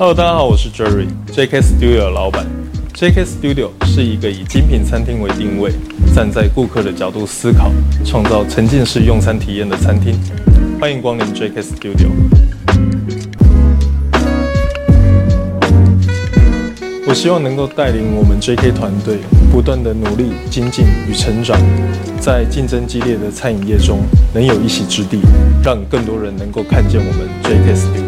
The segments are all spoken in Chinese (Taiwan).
Hello，大家好，我是 Jerry，JK Studio 的老闆。JK Studio 是一個以精品餐廳為定位，站在顧客的角度思考，創造沉浸式用餐體驗的餐廳。歡迎光臨 JK Studio。我希望能夠帶領我們 JK 團隊，不斷的努力精進與成長，在競爭激烈的餐飲業中能有一席之地，讓更多人能夠看見我們 JK Studio。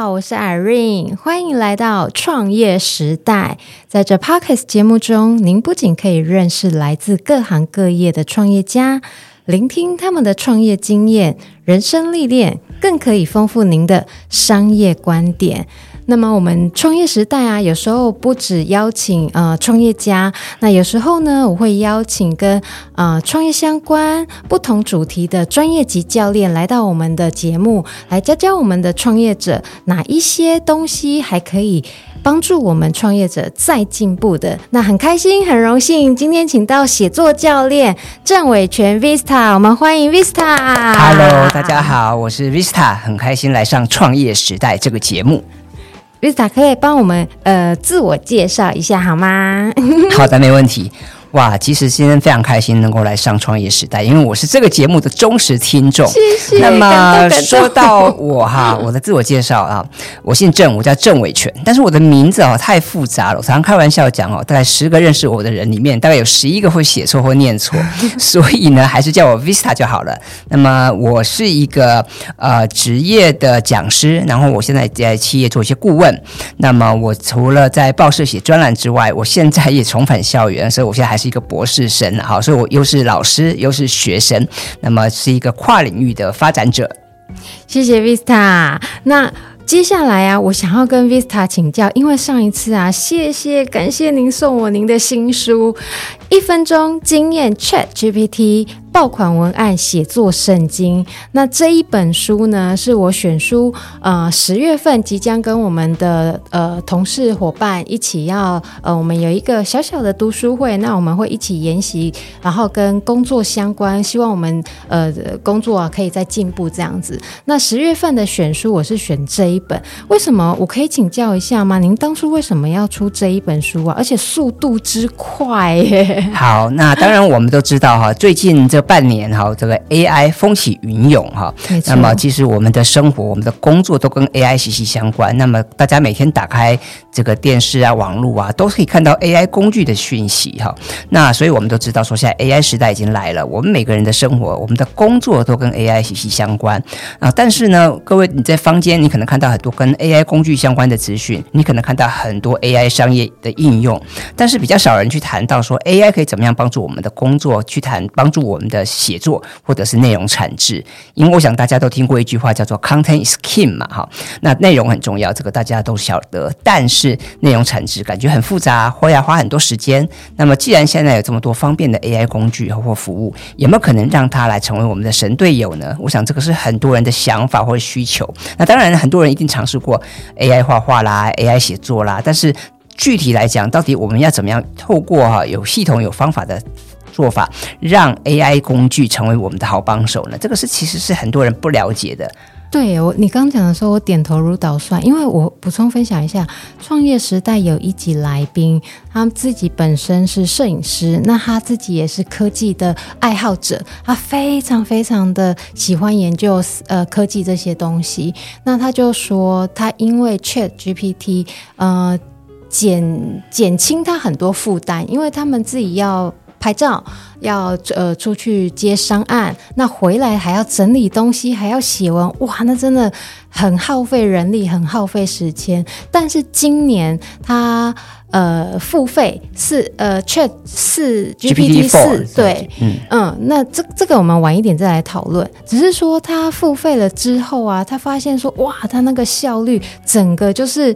大家好，我是 Irene，歡迎來到創業時代。在這 Podcast 節目中，您不僅可以認識來自各行各業的創業家，聆聽他們的創業經驗、人生歷練，更可以豐富您的商業觀點。那麼我們創業時代啊，有時候不止邀請呃創業家，那有時候呢，我會邀請跟呃創業相關不同主題的專業級教練來到我們的節目，來教教我們的創業者哪一些東西還可以幫助我們創業者再進步的。那很開心，很榮幸，今天請到寫作教練鄭緯筌 Vista，我們歡迎 Vista。Hello，大家好，我是 Vista，很開心來上創業時代這個節目。Vista 可以幫我們呃自我介紹一下好嗎？ 好的，沒問題。哇，其實今天非常開心能夠來上《創業時代》，因為我是這個節目的忠實聽眾。謝謝。那麼感感說到我哈，我的自我介紹啊，我姓鄭，我叫鄭緯筌。但是我的名字啊、哦、太複雜了，我常常開玩笑講哦，大概十個認識我的人裡面，大概有十一個會寫錯或念錯， 所以呢，還是叫我 Vista 就好了。那麼我是一個呃職業的講師，然後我現在在企業做一些顧問。那麼我除了在報社寫專欄之外，我現在也重返校園，所以我現在還。是一個博士生，好，所以我又是老師，又是學生，那麼是一個跨領域的發展者。謝謝 Vista。那接下來啊，我想要跟 Vista 請教，因為上一次啊，謝謝，感謝您送我您的新書《一分鐘驚豔 ChatGPT》Ch。爆款文案寫作聖經。那這一本書呢，是我選書。呃，十月份即將跟我們的呃同事伙伴一起要呃，我們有一個小小的讀書會。那我們會一起研習，然後跟工作相關，希望我們呃工作啊可以再進步這樣子。那十月份的選書，我是選這一本。為什麼？我可以請教一下嗎？您當初為什麼要出這一本書啊？而且速度之快耶。好，那當然我們都知道哈， 最近這。半年哈，這個 AI 風起雲湧哈。沒錯。那麼其實我們的生活、我們的工作都跟 AI 息息相關。那麼大家每天打開這個電視啊、網絡啊，都可以看到 AI 工具的訊息哈。那所以我們都知道說，現在 AI 時代已經來了。我們每個人的生活、我們的工作都跟 AI 息息相關啊。但是呢，各位你在坊間，你可能看到很多跟 AI 工具相關的資訊，你可能看到很多 AI 商業的應用，但是比較少人去談到說 AI 可以怎麼樣幫助我們的工作，去談幫助我們。的寫作或者是內容產製。因為我想大家都聽過一句話叫做 “content is king” 嘛，哈，那內容很重要，這個大家都曉得。但是內容產製感覺很複雜，或要花很多時間。那麼既然現在有這麼多方便的 AI 工具或服務，有沒有可能讓它來成為我們的神隊友呢？我想這個是很多人的想法或者需求。那當然，很多人一定嘗試過 AI 畫畫啦、AI 寫作啦，但是具體來講，到底我們要怎麼樣透過哈、啊、有系統有方法的？做法讓 AI 工具成為我們的好幫手呢？這個是其實是很多人不了解的。對我你剛講的時候，我點頭如搗蒜。因為我補充分享一下，《創業時代》有一集來賓，他自己本身是攝影師，那他自己也是科技的愛好者，他非常非常的喜歡研究呃科技這些東西。那他就說，他因為 ChatGPT 呃減減輕他很多負擔，因為他們自己要。拍照要呃出去接商案，那回來還要整理東西，還要寫文，哇，那真的很耗費人力，很耗費時間。但是今年他呃付費是呃，Chat、呃、是 GPT 四，對，嗯嗯，那這這個我們晚一點再來討論。只是說他付費了之後啊，他發現說哇，他那個效率整個就是。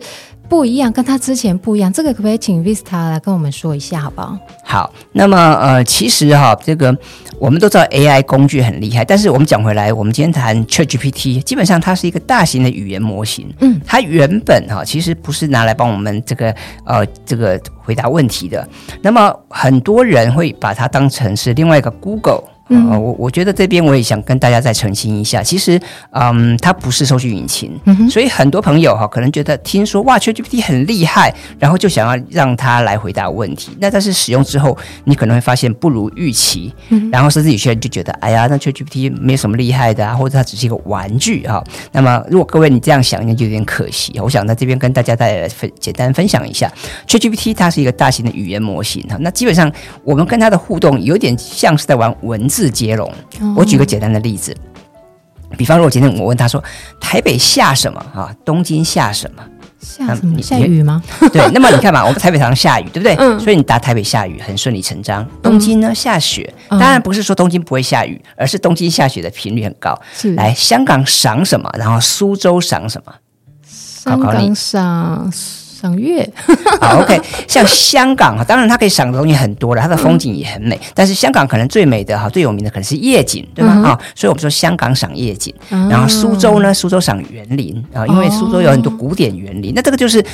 不一樣，跟他之前不一樣。這個可不可以請 Vista 來跟我們說一下，好不好？好，那麼呃，其實哈，這個我們都知道 AI 工具很厲害，但是我們講回來，我們今天談 ChatGPT，基本上它是一個大型的語言模型。嗯，它原本哈其實不是拿來幫我們這個呃這個回答問題的。那麼很多人會把它當成是另外一個 Google。嗯呃、我我覺得這邊我也想跟大家再澄清一下，其實，嗯，它不是搜索引擎，嗯、哼所以很多朋友哈、哦，可能覺得聽說哇，ChatGPT 很厲害，然後就想要讓它來回答問題。那但是使用之後，你可能會發現不如預期，嗯、哼然後甚至有些人就覺得，哎呀，那 ChatGPT 沒有什麼厲害的啊，或者它只是一個玩具哈、哦。那麼如果各位你這樣想，那就有點可惜。我想在這邊跟大家再來分簡單分享一下，ChatGPT 它是一個大型的語言模型哈、哦。那基本上我們跟它的互動有點像是在玩文字。字接龍，oh。我舉個簡單的例子，比方說，我今天我問他說，台北下什麼？哈、啊，東京下什麼？下什麼？你下雨嗎？ 對，那麼你看嘛，我們台北常常下雨，對不對？嗯、所以你答台北下雨很順理成章。東京呢，下雪，當然不是說東京不會下雨，而是東京下雪的頻率很高。是。來，香港賞什麼？然後蘇州賞什麼？香港賞。考考賞月 好、OK、像香港當然它可以賞的東西很多了，它的風景也很美，嗯、但是香港可能最美的哈，最有名的可能是夜景，對嗎？啊、嗯哼，所以我們說香港賞夜景，嗯、然後蘇州呢，蘇州賞園林啊，因為蘇州有很多古典園林，哦、那這個就是。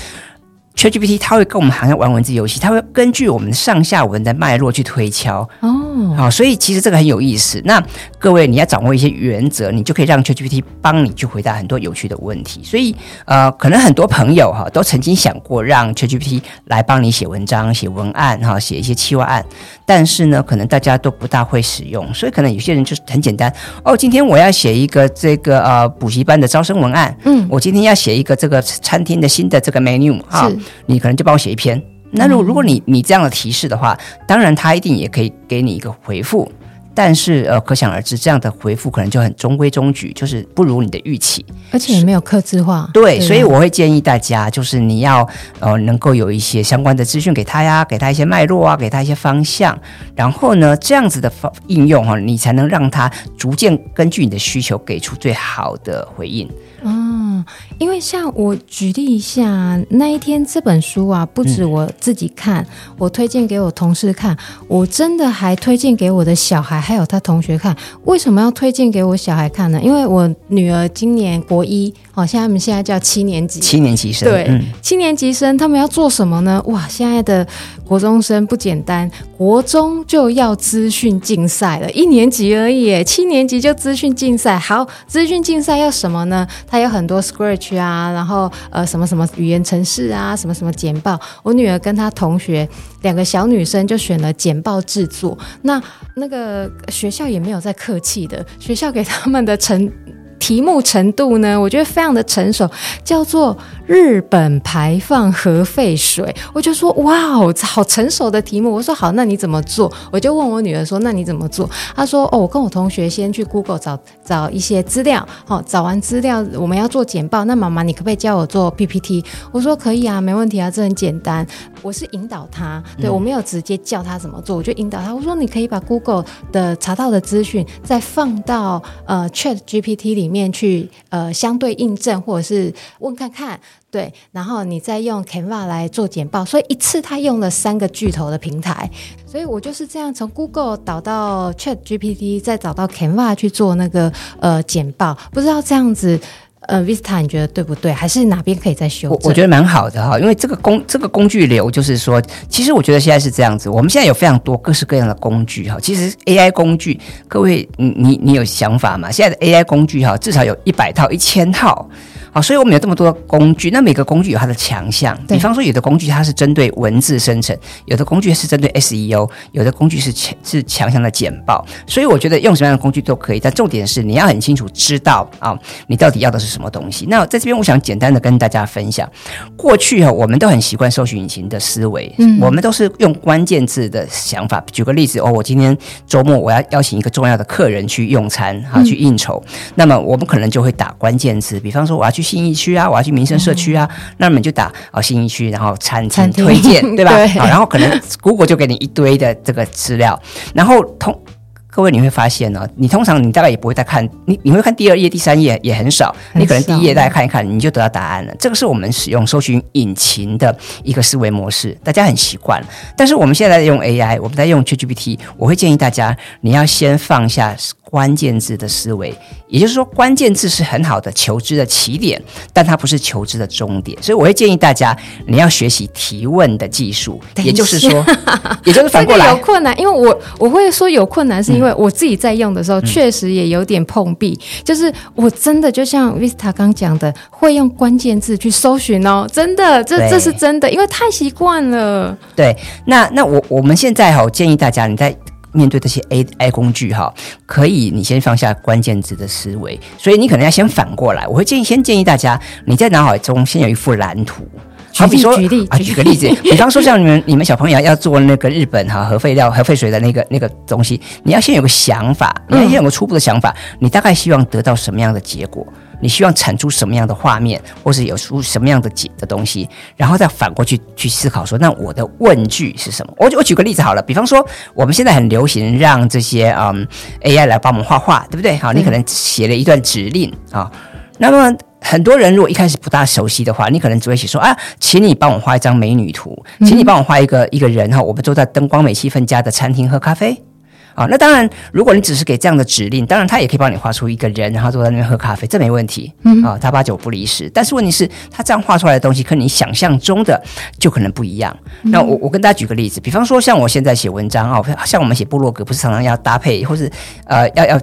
ChatGPT 它會跟我們好像玩文字遊戲，它會根據我們上下文的脈絡去推敲。Oh. 哦，好，所以其實這個很有意思。那各位你要掌握一些原則，你就可以讓 ChatGPT 幫你去回答很多有趣的問題。所以呃，可能很多朋友哈、哦、都曾經想過讓 ChatGPT 來幫你寫文章、寫文案哈、哦，寫一些企劃案。但是呢，可能大家都不大會使用，所以可能有些人就是很簡單哦。今天我要寫一個這個呃補習班的招生文案，嗯，我今天要寫一個這個餐廳的新的這個 menu 啊是，你可能就幫我寫一篇。那如如果你、嗯、你這樣的提示的話，當然他一定也可以給你一個回復。但是呃，可想而知，這樣的回覆可能就很中規中矩，就是不如你的預期，而且也沒有客製化。對，所以我會建議大家，就是你要呃，能夠有一些相關的資訊給他呀，給他一些脈絡啊，給他一些方向。然後呢，這樣子的方應用哈、哦，你才能讓他逐漸根據你的需求給出最好的回應。嗯、哦，因為像我舉例一下，那一天這本書啊，不止我自己看，嗯、我推薦給我同事看，我真的還推薦給我的小孩。還有他同學看，為什麼要推薦給我小孩看呢？因為我女兒今年國一。哦，現在他們現在叫七年級，七年級生，對，嗯、七年級生，他們要做什麼呢？哇，現在的國中生不簡單，國中就要資訊競賽了，一年級而已耶，七年級就資訊競賽。好，資訊競賽要什麼呢？他有很多 Scratch 啊，然後呃，什麼什麼語言程式啊，什麼什麼簡報。我女兒跟她同學兩個小女生就選了簡報制作，那那個學校也沒有在客氣的，學校給他們的成。題目程度呢，我覺得非常的成熟，叫做日本排放核廢水。我就說哇哦，好成熟的題目。我說好，那你怎麼做？我就問我女兒說，那你怎麼做？她說哦，我跟我同學先去 Google 找找一些資料。好，哦，找完資料，我們要做簡報。那媽媽，你可不可以教我做 PPT？我說可以啊，沒問題啊，這很簡單。我是引導她，對，我沒有直接教她怎麼做，我就引導她。我說你可以把 Google 的查到的資訊再放到呃 ChatGPT 裡面。面去呃，相對印證，或者是問看看對，然後你再用 Canva 來做簡報，所以一次他用了三個巨頭的平台，所以我就是這樣從 Google 導到 ChatGPT，再找到 Canva 去做那個呃簡報，不知道這樣子。嗯，Vista，你覺得對不對？還是哪邊可以再修？我我覺得蠻好的哈，因為這個工這個工具流就是說，其實我覺得現在是這樣子，我們現在有非常多各式各樣的工具哈。其實 AI 工具，各位你你你有想法嗎？現在的 AI 工具哈，至少有一百套、一千套。好，所以我們有這麼多的工具，那每個工具有它的強項。比方說有的工具它是針對文字生成，對有的工具是針對 SEO，有的工具是是強項的簡報。所以我覺得用什麼樣的工具都可以，但重點是你要很清楚知道啊、哦，你到底要的是什麼東西。那在這邊，我想簡單的跟大家分享，過去啊，我們都很習慣搜尋引擎的思維，嗯，我們都是用關鍵字的想法。舉個例子哦，我今天周末我要邀請一個重要的客人去用餐哈，去應酬，嗯、那麼我們可能就會打關鍵字，比方說我要去。去信義區啊，我要去民生社區啊，嗯、那你們就打哦信義區，然後餐廳推薦廳對吧？好對、哦，然後可能 Google 就給你一堆的這個資料，然後通各位你會發現呢、哦，你通常你大概也不會再看，你你會看第二頁、第三頁也很少，很少你可能第一頁大概看一看，你就得到答案了。這個是我們使用搜尋引擎的一個思維模式，大家很習慣，但是我們現在，在用 AI，我們在用 ChatGPT，我會建議大家你要先放下。關鍵字的思維，也就是說，關鍵字是很好的求知的起點，但它不是求知的終點。所以，我會建議大家，你要學習提問的技術，也,啊、也就是說，也就是反過來有困難，因為我我會說有困難，是因為我自己在用的時候、嗯、確實也有點碰壁，嗯、就是我真的就像 Vista 剛講的，會用關鍵字去搜尋哦，真的，這對這是真的，因為太習慣了。對，那那我我們現在哈、哦，建議大家你在。面對這些 A I 工具哈，可以你先放下關鍵字的思維，所以你可能要先反過來。我會建議，先建議大家，你在腦海中先有一幅藍圖。好比說、啊，舉例、啊，舉個例子，比方 說，像你們你們小朋友要做那個日本哈核廢料、核廢水的那個那個東西，你要先有個想法，嗯、你要先有個初步的想法，你大概希望得到什麼樣的結果？你希望產出什麼樣的畫面，或是有出什麼樣的解的東西，然後再反過去去思考說，那我的問句是什麼？我我舉個例子好了，比方說我們現在很流行讓這些嗯 AI 來幫我們畫畫，對不對？好，你可能寫了一段指令啊、嗯哦，那麼很多人如果一開始不大熟悉的話，你可能只會寫說啊，請你幫我畫一張美女圖，請你幫我畫一個一個人哈，我們坐在燈光美氣氛佳的餐廳喝咖啡。啊、哦，那當然，如果你只是給這樣的指令，當然它也可以幫你畫出一個人，然後坐在那邊喝咖啡，這沒問題。嗯，啊、哦，它八九不離十。但是問題是他這樣畫出來的東西，跟你想象中的就可能不一樣。嗯、那我我跟大家舉個例子，比方說像我現在寫文章啊、哦，像我們寫部落格，不是常常要搭配，或是呃要要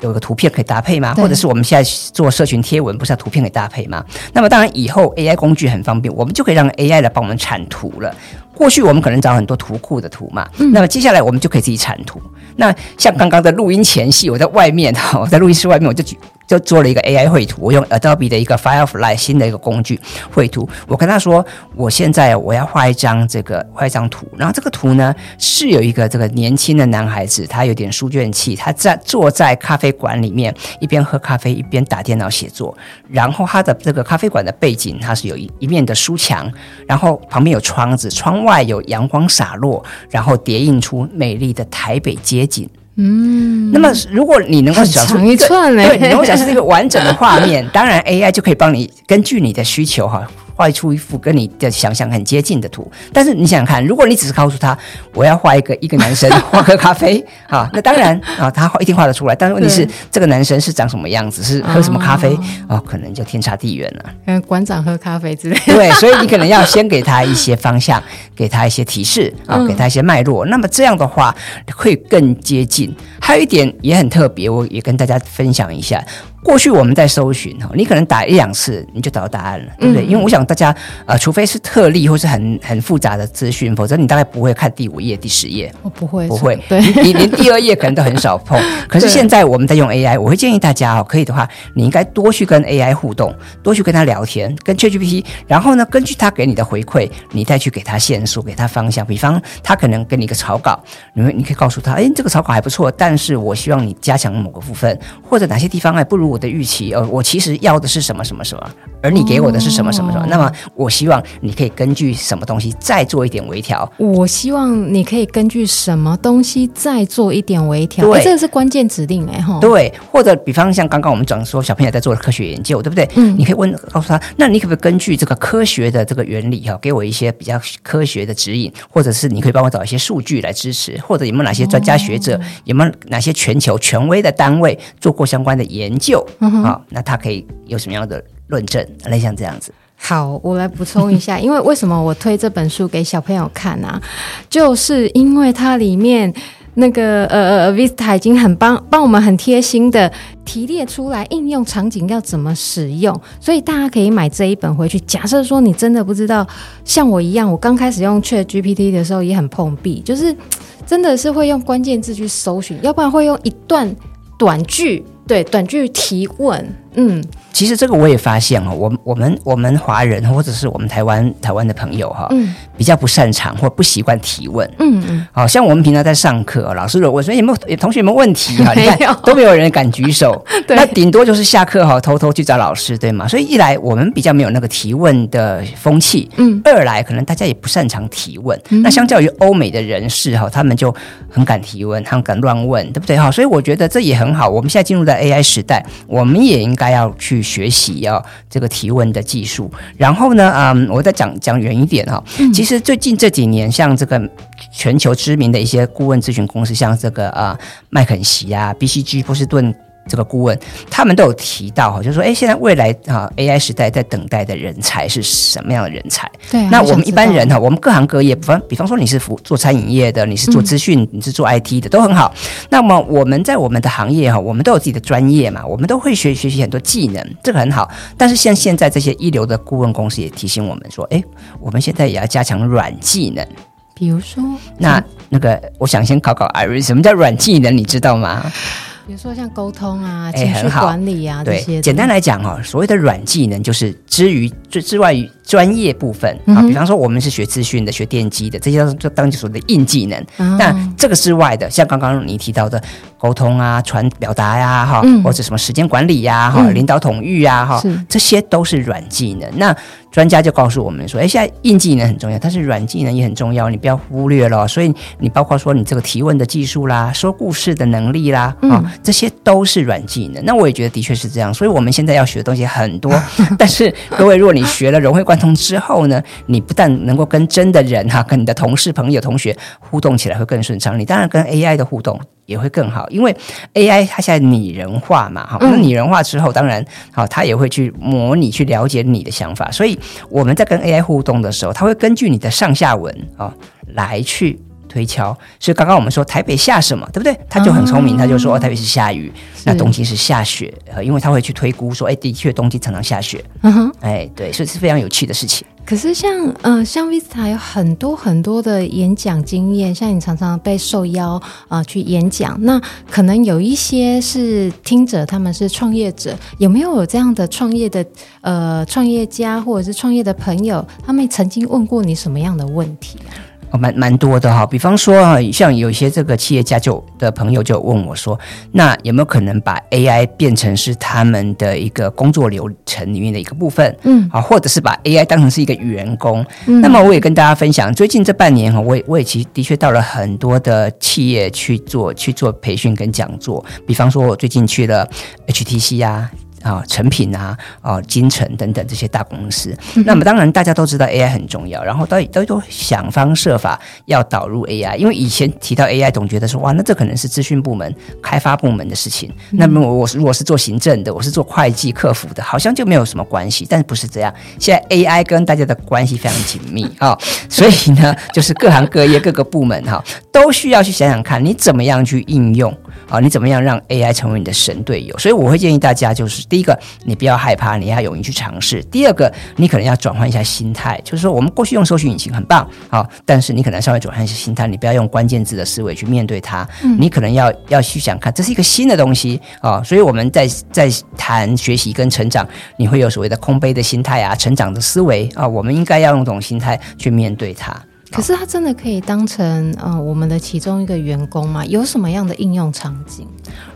有個圖片可以搭配嗎？對或者是我們現在做社群貼文，不是要圖片可以搭配嗎？那麼當然以後 AI 工具很方便，我們就可以讓 AI 來幫我們產圖了。過去我們可能找很多圖庫的圖嘛，那麼接下來我們就可以自己產圖。那像剛剛的錄音前戲，我在外面哈，我在錄音室外面我就舉。就做了一個 AI 繪圖，我用 Adobe 的一個 Firefly 新的一個工具繪圖。我跟他說，我現在我要畫一張這個，畫一張圖，然後這個圖呢是有一個這個年輕的男孩子，他有點書卷氣，他在坐在咖啡館裡面，一邊喝咖啡，一邊打電腦寫作。然後他的這個咖啡館的背景，它是有一一面的書牆，然後旁邊有窗子，窗外有陽光灑落，然後疊印出美麗的台北街景。嗯， 那麼如果你能夠想像一個，對，你能夠想象這個完整的畫面，當然 AI 就可以幫你根據你的需求哈。畫出一幅跟你的想象很接近的圖，但是你想想看，如果你只是告訴他我要畫一個一個男生 喝咖啡啊，那當然啊，他畫一定畫得出來。但是問題是，對這個男生是長什麼樣子，是喝什麼咖啡啊，可能就天差地遠了。嗯，館長喝咖啡之類的。 對，所以你可能要先給他一些方向，給他一些提示啊，給他一些脈絡。嗯、那麼這樣的話會更接近。還有一點也很特別，我也跟大家分享一下。過去我們在搜尋哈，你可能打一兩次你就找到答案了，對不對？嗯嗯，因為我想大家呃，除非是特例或是很很複雜的資訊，否則你大概不會看第五頁、第十頁，我不會不會，對你你連第二頁可能都很少碰。 可是現在我們在用 AI，我會建議大家哦，可以的話，你應該多去跟 AI 互動，多去跟他聊天，跟 ChatGPT，然後呢，根據他給你的回饋，你再去給他線索，給他方向。比方他可能給你一個草稿，你會，你可以告訴他，哎、欸，這個草稿還不錯，但是我希望你加強某個部分，或者哪些地方還不如。我的預期，呃，我其實要的是什麼什麼什麼。而你給我的是什麼什麼什麼？Oh, 那麼我希望你可以根據什麼東西再做一點微調。我希望你可以根據什麼東西再做一點微調。對，欸、這個是關鍵指令、欸，齁對，或者比方像剛剛我們講說，小朋友在做科學研究，對不對？嗯。你可以問告訴他，那你可不可以根據這個科學的這個原理哈，給我一些比較科學的指引，或者是你可以幫我找一些數據來支持，或者有沒有哪些專家學者，oh. 有沒有哪些全球權威的單位做過相關的研究、嗯、哼好，那他可以有什麼樣的？論證，類像這樣子。好，我來補充一下， 因為為什麼我推這本書給小朋友看呢、啊？就是因為它裡面那個呃，Vista 已經很幫幫我們很貼心的提煉出來應用場景要怎麼使用，所以大家可以買這一本回去。假設說你真的不知道，像我一樣，我剛開始用 ChatGPT 的時候也很碰壁，就是真的是會用關鍵字去搜尋，要不然會用一段短句，對，短句提問。嗯，其實這個我也發現哦，我我們我們華人或者是我們台灣台灣的朋友哈、哦，嗯，比較不擅長或不習慣提問，嗯嗯，好、哦、像我們平常在上課、哦，老師我說、哎、有沒有同學有沒有問題哈、啊，你看，沒有都沒有人敢舉手， 對那頂多就是下課哈、哦，偷偷去找老師，對嗎？所以一來我們比較沒有那個提問的風氣，嗯，二來可能大家也不擅長提問，嗯、那相較於歐美的人士哈、哦，他們就很敢提問，他們敢亂問，對不對哈、哦？所以我覺得這也很好。我們現在進入到 AI 時代，我們也應該。他要去學習啊、哦，這個提問的技術。然後呢，嗯，我再講講遠一點哈、哦。嗯、其實最近這幾年，像這個全球知名的一些顧問諮詢公司，像這個啊呃、麥肯錫啊、BCG、波士頓。這個顧問，他們都有提到哈，就是說，誒，現在未來啊，AI 時代在等待的人才是什麼樣的人才？對、啊，那我們一般人哈，我們各行各業，方比方說你是服做餐飲業的，你是做資訊，嗯、你是做 IT 的，都很好。那麼我，我們在我們的行業哈，我們都有自己的專業嘛，我們都會學學習很多技能，這個很好。但是像現在這些一流的顧問公司也提醒我們說，誒，我們現在也要加強軟技能，比如說，那那個，我想先考考 Irene，什麼叫軟技能，你知道嗎？比如說像溝通啊，情緒管理啊，欸、對這些。簡單來講哦，所謂的軟技能就是之於之之外於專業部分、嗯、哼啊。比方說我們是學資訊的，學電機的，這些就當就所謂的硬技能。但、哦、這個之外的，像剛剛你提到的溝通啊、傳表達呀，哈，或者什麼時間管理呀、哈、領導統御呀、啊、哈、嗯，這些都是軟技能。那專家就告訴我們說：“誒、欸，現在硬技能很重要，但是軟技能也很重要，你不要忽略了，所以你包括說你這個提問的技術啦，說故事的能力啦，啊、嗯哦，這些都是軟技能。那我也覺得的確是這樣。所以我們現在要學的東西很多， 但是各位，如果你學了融會貫通之後呢，你不但能夠跟真的人哈、啊，跟你的同事、朋友、同學互動起來會更順暢，你當然跟 AI 的互動。”也會更好，因為 AI 它現在擬人化嘛，哈、嗯，那擬人化之後，當然好，它也會去模擬、去了解你的想法，所以我們在跟 AI 互動的時候，它會根據你的上下文啊來去。推敲，所以剛剛我們說台北下什麼，對不對？他就很聰明，哦、他就說、哦、台北是下雨，是那冬季是下雪，呃，因為他會去推估說，哎，的確冬季常常下雪。嗯哼，哎，對，所以是非常有趣的事情。可是像，呃，像 Vista 有很多很多的演講經驗，像你常常被受邀啊、呃、去演講，那可能有一些是聽者，他們是創業者，有沒有有這樣的創業的呃創業家或者是創業的朋友，他們曾經問過你什麼樣的問題？哦，蠻蠻多的哈，比方說哈，像有些這個企業家就的朋友就問我說，那有沒有可能把 AI 變成是他們的一個工作流程裡面的一個部分？嗯，啊，或者是把 AI 當成是一個員工？嗯，那麼我也跟大家分享，最近這半年哈，我也我也其實的確到了很多的企業去做去做培訓跟講座，比方說，我最近去了 HTC 呀，啊。啊、哦，誠品啊，哦，精誠等等這些大公司。那麼，當然大家都知道 AI 很重要，然後都都想方設法要導入 AI。因為以前提到 AI，總覺得說哇，那這可能是資訊部門、開發部門的事情。那麼我是，我如果是做行政的，我是做會計、客服的，好像就沒有什麼關係。但是不是這樣？現在 AI 跟大家的關係非常緊密啊、哦，所以呢，就是各行各業、 各個部門哈、哦，都需要去想想看你怎麼樣去應用。啊、哦，你怎麼樣讓 AI 成為你的神隊友？所以我會建議大家，就是第一個，你不要害怕，你要勇於去嘗試；第二個，你可能要轉換一下心態，就是說我們過去用搜尋引擎很棒，好、哦，但是你可能稍微轉換一下心態，你不要用關鍵字的思維去面對它，嗯、你可能要要去想看，這是一個新的東西啊、哦。所以我們在在談學習跟成長，你會有所謂的空杯的心態啊，成長的思維啊、哦，我們應該要用這種心態去面對它。可是他真的可以當成嗯 Okay.、呃、我們的其中一個員工嗎？有什麼樣的應用場景？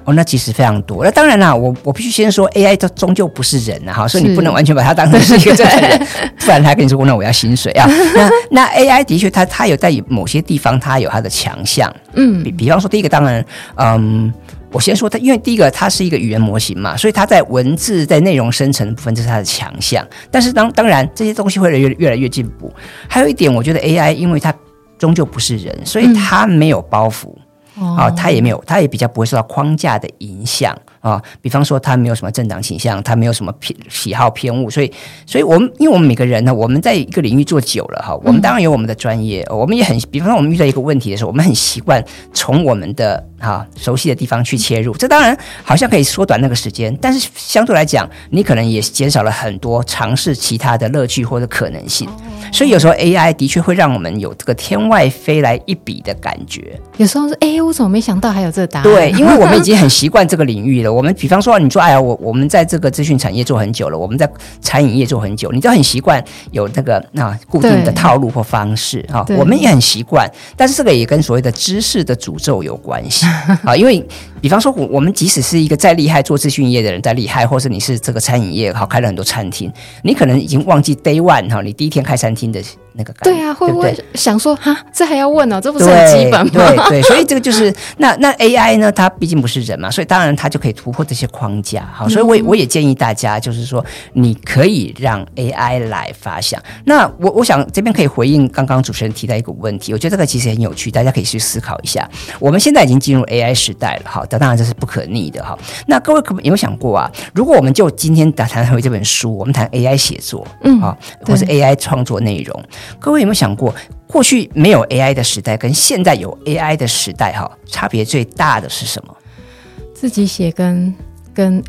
哦，那其實非常多。那當然啦，我我必須先說 AI 它終究不是人啊，哈是，所以你不能完全把它當成是一個真人，對不然他跟你說我那我要薪水啊。 那那 AI 的確它它有在某些地方它有它的強項，嗯，比比方說第一個當然嗯。我先說它，因為第一個它是一個語言模型嘛，所以它在文字，在內容生成的部分，這是它的強項。但是當當然這些東西會越越來越進步。還有一點，我覺得 AI 因為它終究不是人，所以它沒有包袱，嗯。哦，它也沒有，它也比較不會受到框架的影響。啊、哦，比方說他沒有什麼政黨傾向，他沒有什麼偏喜好偏誤，所以，所以我們因為我們每個人呢，我們在一個領域做久了哈，我們當然有我們的專業，我們也很，比方說我們遇到一個問題的時候，我們很習慣從我們的哈、哦、熟悉的地方去切入，這當然好像可以縮短那個時間，但是相對來講，你可能也減少了很多嘗試其他的樂趣或者可能性，所以有時候 AI 的確會讓我們有這個天外飛來一筆的感覺，有時候說哎，我怎麼沒想到還有這個答案？對，因為我們已經很習慣這個領域了。我們比方說，你說哎呀，我我們在這個資訊產業做很久了，我們在餐飲業做很久了，你都很習慣有那個啊固定的套路或方式哈對、啊，我們也很習慣。但是這個也跟所謂的知識的詛咒有關係啊，因為比方說，我我們即使是一個再厲害做資訊業的人，再厲害，或是你是這個餐飲業，好開了很多餐廳，你可能已經忘記 day one 哈、啊，你第一天開餐廳的。那個感覺對啊，會對不會想說啊？這還要問哦、啊，這不是很基本嗎？對對，對，所以這個就是 那那 AI 呢？它畢竟不是人嘛，所以當然它就可以突破這些框架。好，所以我也我也建議大家，就是說你可以讓 AI 來發想。那我我想這邊可以回應剛剛主持人提到一個問題，我覺得這個其實很有趣，大家可以去思考一下。我們現在已經進入 AI 時代了，好，那當然這是不可逆的哈。那各位可有沒有想過啊？如果我們就今天打談回這本書，我們談 AI 寫作，嗯哈、哦，或是 AI 創作內容。各位有沒有想過，過去沒有 AI 的時代跟現在有 AI 的時代，哈，差別最大的是什麼？自己寫跟跟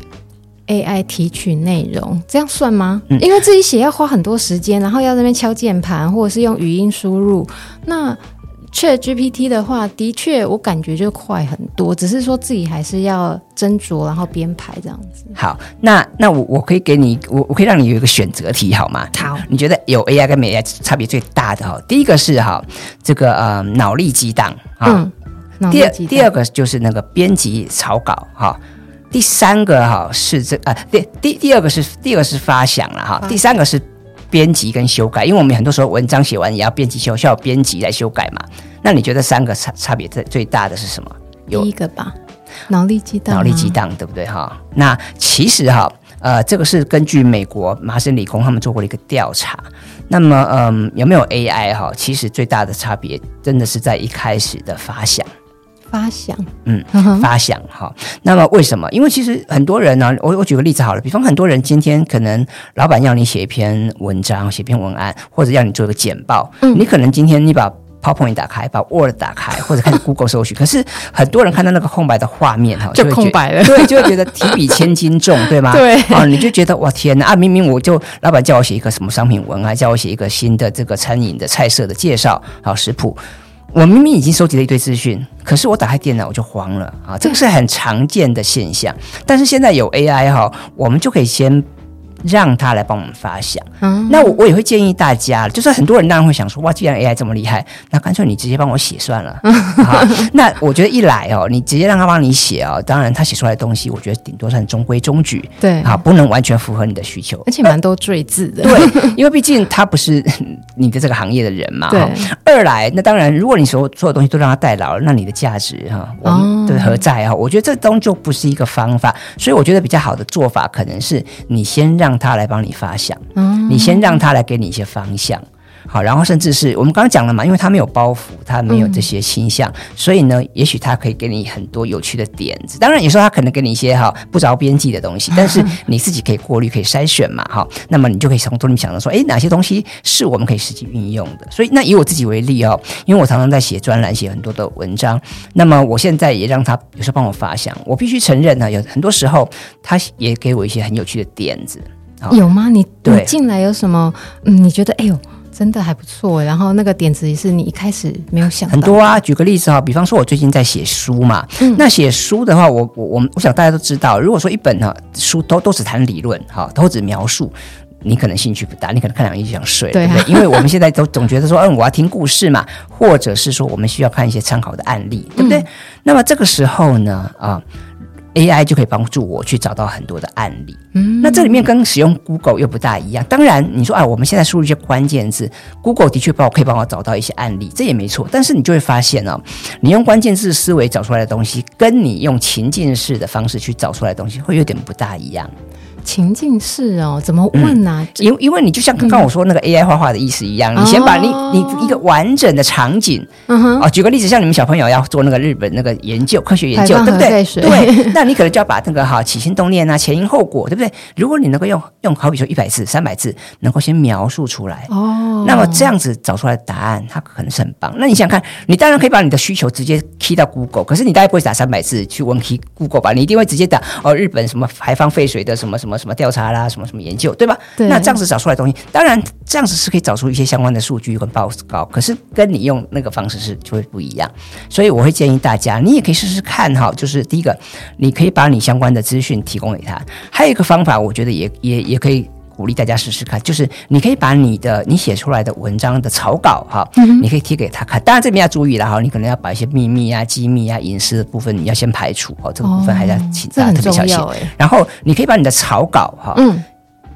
AI 提取內容，這樣算嗎？嗯，因為自己寫要花很多時間，然後要在那邊敲鍵盤，或者是用語音輸入，那。ChatGPT 的話，的確，我感覺就快很多，只是說自己還是要斟酌，然後編排這樣子。好，那那我我可以給你，我我可以讓你有一個選擇題，好嗎？好，你覺得有 AI 跟沒 AI 差別最大的哈？第一個是哈，這個呃腦力激盪，嗯，腦力激盪、嗯。第二個就是那個編輯草稿哈，第三個哈是這個、啊，第第第二個是第二個是發想了哈，第三個是。編輯跟修改，因為我們很多時候文章寫完也要編輯修，需要編輯來修改嘛。那你覺得三個差差別最最大的是什麼？第一個吧，腦力激盪、啊，腦力激盪對不對哈？那其實哈，呃，這個是根據美國麻省理工他們做過的一個調查。那麼，嗯、呃，有沒有 AI 哈？其實最大的差別真的是在一開始的發想。發想，嗯，發想哈。那麼為什麼？因為其實很多人呢、啊，我我舉個例子好了，比方很多人今天可能老闆要你寫一篇文章，寫篇文案，或者要你做一個簡報。嗯、你可能今天你把 PowerPoint 打開，把 Word 打開，或者看 Google 搜尋。 可是很多人看到那個空白的畫面哈，就空白了會，對，就會覺得提筆千斤重，對嗎？對啊、哦，你就覺得哇天啊，明明我就老闆叫我寫一個什麼商品文啊，叫我寫一個新的這個餐飲的菜色的介紹，好，食譜。我明明已經收集了一堆資訊，可是我打開電腦，我就慌了啊！這個是很常見的現象，嗯、但是現在有 AI 哈，我們就可以先。讓他來幫我們發想，嗯、那我我也會建議大家，就是很多人當然會想說，哇，既然 AI 這麼厲害，那乾脆你直接幫我寫算了。那我覺得一來哦，你直接讓他幫你寫哦，當然他寫出來的東西，我覺得頂多算中規中矩，對，啊，不能完全符合你的需求，而且蠻多贅字的。呃、 對，因為畢竟他不是你的這個行業的人嘛。對二來，那當然，如果你所做的東西都讓他代勞，那你的價值哈，對、哦、何在啊？我覺得這東西就不是一個方法，所以我覺得比較好的做法可能是你先讓。讓他來幫你發想，你先讓他來給你一些方向，嗯、好，然後甚至是我們剛剛講了嘛，因為他沒有包袱，他沒有這些傾向，嗯、所以呢，也許他可以給你很多有趣的點子。當然，有時候他可能給你一些哈不着邊際的東西，但是你自己可以過濾、可以篩選嘛，哈。那麼你就可以從這裡想到說，哎，哪些東西是我們可以實際運用的？所以，那以我自己為例哦，因為我常常在寫專欄、寫很多的文章，那麼我現在也讓他有時候幫我發想，我必須承認呢，有很多時候他也給我一些很有趣的點子。有嗎？你對你進來有什麼？嗯、你覺得哎呦，真的還不錯。然後那個點子也是你一開始沒有想到。很多啊，舉個例子啊、哦，比方說，我最近在寫書嘛。嗯，那寫書的話，我我我們我想大家都知道，如果說一本哈書都都只談理論，哈、哦，都只描述，你可能興趣不大，你可能看兩頁就想睡，對不、啊、對？因為我們現在都總覺得說， 嗯，我要聽故事嘛，或者是說，我們需要看一些參考的案例，對不對？嗯、那麼這個時候呢，啊。AI 就可以幫助我去找到很多的案例，嗯。那這裡面跟使用 Google 又不大一樣。當然，你說啊，我們現在輸入一些關鍵字，Google 的確幫我可以幫我找到一些案例，這也沒錯。但是你就會發現哦，你用關鍵字思維找出來的東西，跟你用情境式的方式去找出來的東西，會有點不大一樣。情境式哦，怎麼問呢、啊？因、嗯、這因為你就像你剛剛我說、嗯、那個 AI 畫畫的意思一樣，你先把你、哦、你一個完整的場景嗯哼，啊，舉個例子，像你們小朋友要做那個日本那個研究，科學研究，水水對不對？對， 那你可能就要把那個哈起心動念啊，前因後果，對不對？如果你能夠用用好比說一百字、三百字，能夠先描述出來哦，那麼這樣子找出來的答案，它可能是很棒。那你想想看，你當然可以把你的需求直接 key 到 Google，可是你大概不會打三百字去問 key Google 吧？你一定會直接打哦，日本什麼排放廢水的什麼什麼。什麼，什麼調查啦，什麼什麼研究，對吧？對，那這樣子找出來的東西，當然這樣子是可以找出一些相關的數據跟報告，可是跟你用那個方式是就會不一樣。所以我會建議大家，你也可以試試看哈。就是第一個，你可以把你相關的資訊提供給他；還有一個方法，我覺得也也也可以。鼓勵大家試試看，就是你可以把你的你寫出來的文章的草稿哈，嗯、哼你可以貼給他看。當然這邊要注意了哈，你可能要把一些祕密啊、機密啊、隱私的部分你要先排除哦，這個部分還要請大家特別小心。哦欸、然後你可以把你的草稿哈，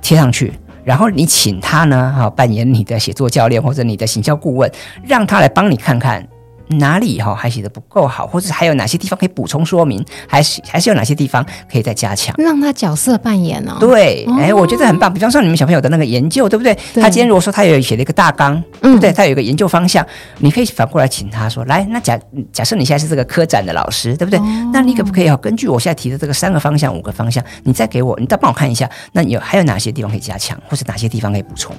貼上去，嗯、然後你請他呢哈扮演，你的寫作教練或者你的行銷顧問，讓他來幫你看看。哪裡哈、哦、還寫的不夠好，或者還有哪些地方可以補充說明？還是還是有哪些地方可以再加強？讓他角色扮演哦。對，哎、oh 欸，我覺得很棒。比方說你們小朋友的那個研究，對不對？對他今天如果說他有寫了一個大綱，嗯、對不對？他有一個研究方向，你可以反過來請他說：來，那假假設你現在是這個科展的老師，對不對？Oh、那你可不可以哦，根據我現在提的這個三個方向、五個方向，你再給我，你再幫我看一下，那你有還有哪些地方可以加強，或是哪些地方可以補充？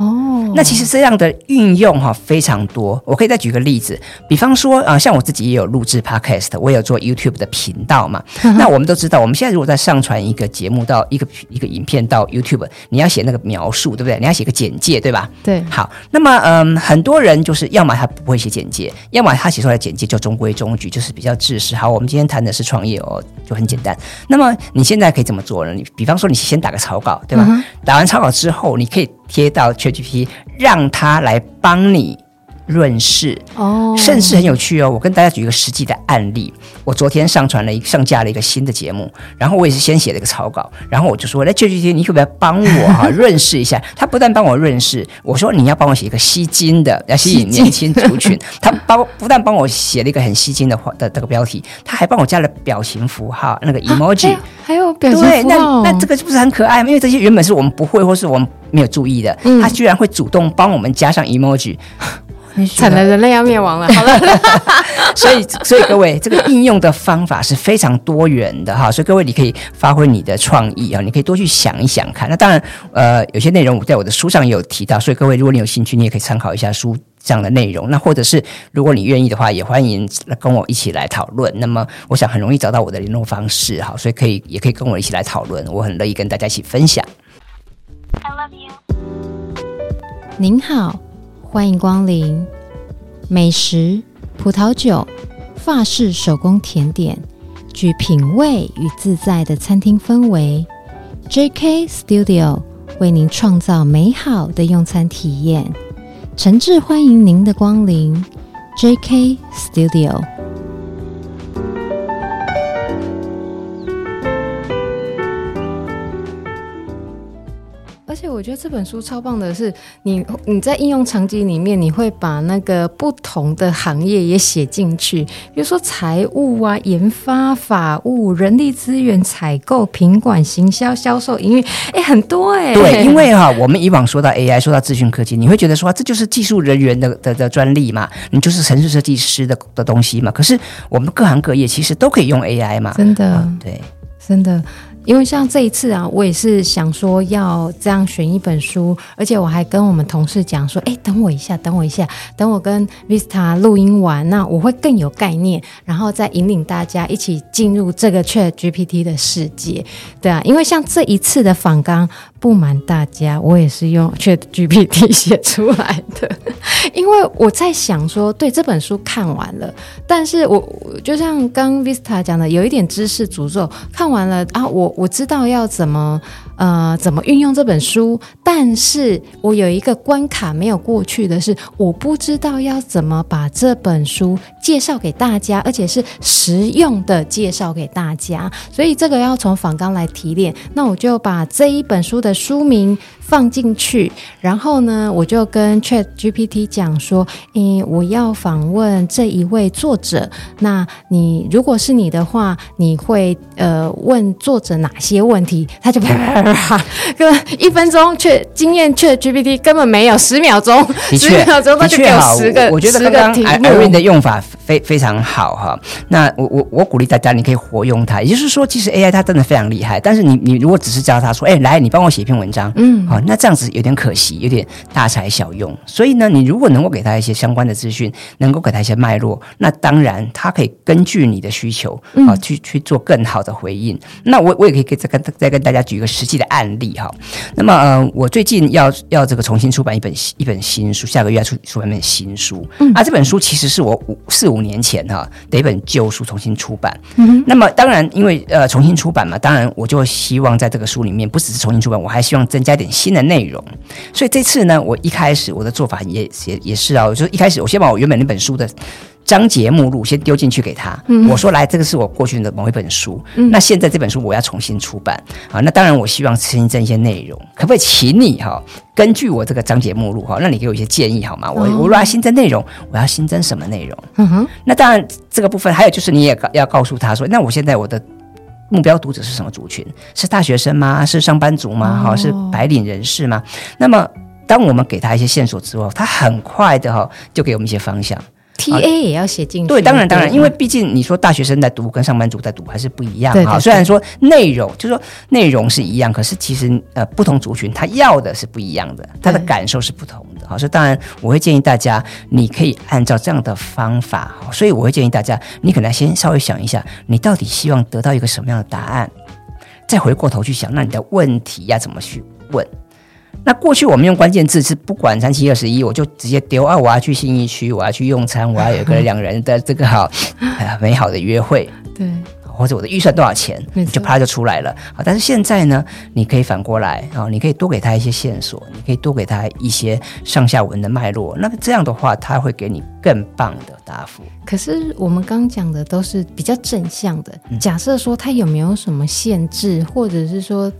哦，oh. 那其實這樣的運用哈非常多。我可以再舉個例子，比方說啊、呃，像我自己也有錄製 podcast，我也有做 YouTube 的頻道嘛。 那我們都知道，我們現在如果在上傳一個節目到一個一個，一個影片到 YouTube，你要寫那個描述，對不對？你要寫個簡介，對吧？對。好，那麼嗯、呃，很多人就是要麼他不會寫簡介，要麼他寫出來簡介就中規中矩，就是比較製式。好，我們今天談的是創業哦，就很簡單。那麼你現在可以怎麼做呢？你比方說你先打個草稿，對吧？ 打完草稿之後，你可以。貼到 ChatGPT，讓他來幫你潤色哦，甚至很有趣哦！我跟大家舉一個實際的案例：我昨天上傳了一上架了一個新的節目，然後我也是先寫了一個草稿，然後我就說：“來，舅舅，G、G, 你可不可以幫我哈、啊、 潤色一下？”他不但幫我潤色，我說：“你要幫我寫一個吸睛的，要吸引年輕族群。西金” 他幫不但幫我寫了一個很吸睛的的這個標題，他還幫我加了表情符號，那個 emoji，、啊、還有表情符號對，那那這個是不是很可愛？因為這些原本是我們不會，或是我們沒有注意的，他居然會主動幫我們加上 emoji。嗯。慘了，人類要滅亡了。好了、啊， 所以所以各位， 這個應用的方法是非常多元的哈，所以各位，你可以發揮你的創意啊，你可以多去想一想看。那當然，呃，有些內容我在我的書上也有提到，所以各位，如果你有興趣，你也可以參考一下書這樣的內容。那或者是如果你願意的話，也歡迎跟我一起來討論。那麼我想很容易找到我的聯絡方式哈，所以可以也可以跟我一起來討論，我很樂意跟大家一起分享。I love you。您好。歡迎光臨美食、葡萄酒、法式手工甜點，具品味與自在的餐廳氛圍。JK Studio 為您創造美好的用餐體驗，誠摯歡迎您的光臨。JK Studio。我覺得這本書超棒的是，你你在應用場景裡面，你會把那個不同的行業也寫進去，比如說財務啊、研發、法務、人力資源、採購、品管、行銷、銷售、營運，哎，很多哎、欸。對，因為哈、啊，我們以往說到 AI，說到資訊科技，你會覺得說、啊，這就是技術人員的的的專利嘛，你就是程式設計師的的東西嘛。可是我們各行各業其實都可以用 AI 嘛，真的，啊、對，真的。因為像這一次啊，我也是想說要這樣選一本書，而且我還跟我們同事講說，誒，等我一下，等我一下，等我跟 Vista 錄音完，那我會更有概念，然後再引領大家一起進入這個 ChatGPT 的世界。對啊，因為像這一次的訪綱，不瞞大家，我也是用 ChatGPT 寫出來的。因為我在想說，對，這本書看完了，但是我就像剛剛 Vista 講的，有一點知識詛咒，看完了啊，我我知道要怎麼。呃，怎麼運用這本書？但是我有一個關卡沒有過去的是，我不知道要怎麼把這本書介紹給大家，而且是實用的介紹給大家。所以這個要從訪綱來提煉。那我就把這一本書的書名放進去，然後呢，我就跟 ChatGPT 講說，嗯，我要訪問這一位作者。那你如果是你的話，你會呃問作者哪些問題？他就。 哈，一分鐘驚豔 ChatGPT 根本沒有十秒鐘，確十秒鐘確那就有十個。我，十個我覺得那個 Irene 的用法非非常好哈。嗯、那我我我鼓勵大家，你可以活用它，也就是說，其實 AI 它真的非常厲害。但是你你如果只是教它說：“哎、欸，來，你幫我寫一篇文章。”嗯，好、哦，那這樣子有點可惜，有點大材小用。所以呢，你如果能夠給他一些相關的資訊，能夠給他一些脈絡，那當然他可以根據你的需求啊、哦、去去做更好的回應。嗯、那我我也可以給再跟再跟大家舉一個實際。的案例哈，那麼、呃、我最近要要這個重新出版一本一本新書，下個月要出出版一本新書、嗯、啊。這本書其實是我五四五年前哈的一本舊書重新出版。嗯、哼那麼當然，因為呃重新出版嘛，當然我就希望在這個書裡面不只是重新出版，我還希望增加點新的內容。所以這次呢，我一開始我的做法也也也是啊、哦，我就一開始我先把我原本那本書的章節目錄先丟進去給他，嗯、哼我說來，這個是我過去的某一本書，嗯、哼那現在這本書我要重新出版啊，那當然我希望新增一些內容，可不可以請你哈、哦，根據我這個章節目錄哈、哦，那你給我一些建議好嗎？嗯、哼我我要新增內容，我要新增什麼內容？嗯哼，那當然這個部分還有就是你也告要告訴他說，那我現在我的目標讀者是什麼族群？是大學生嗎？是上班族嗎？哈、哦，是白領人士嗎？那麼當我們給他一些線索之後，他很快的哈就給我們一些方向。TA 也要寫進去。對，當然當然，因為畢竟你說大學生在讀跟上班族在讀還是不一樣哈。對對對對。雖然說內容就說內容是一樣，可是其實呃不同族群他要的是不一樣的，他的感受是不同的。對，好，所以當然我會建議大家，你可以按照這樣的方法。所以我會建議大家，你可能先稍微想一下，你到底希望得到一個什麼樣的答案，再回過頭去想，那你的問題要怎麼去問。那過去我們用關鍵字是不管三七二十一，我就直接丟啊！我要去信義區，我要去用餐，我要有個兩人，人的這個好、哎、美好的約會，對，或者我的預算多少錢，就啪錯就出來了。好，但是現在呢，你可以反過來啊，你可以多給他一些線索，你可以多給他一些上下文的脈絡。那麼這樣的話，他會給你更棒的答覆。可是我們剛講的都是比較正向的，嗯、假設說他有沒有什麼限制，或者是說。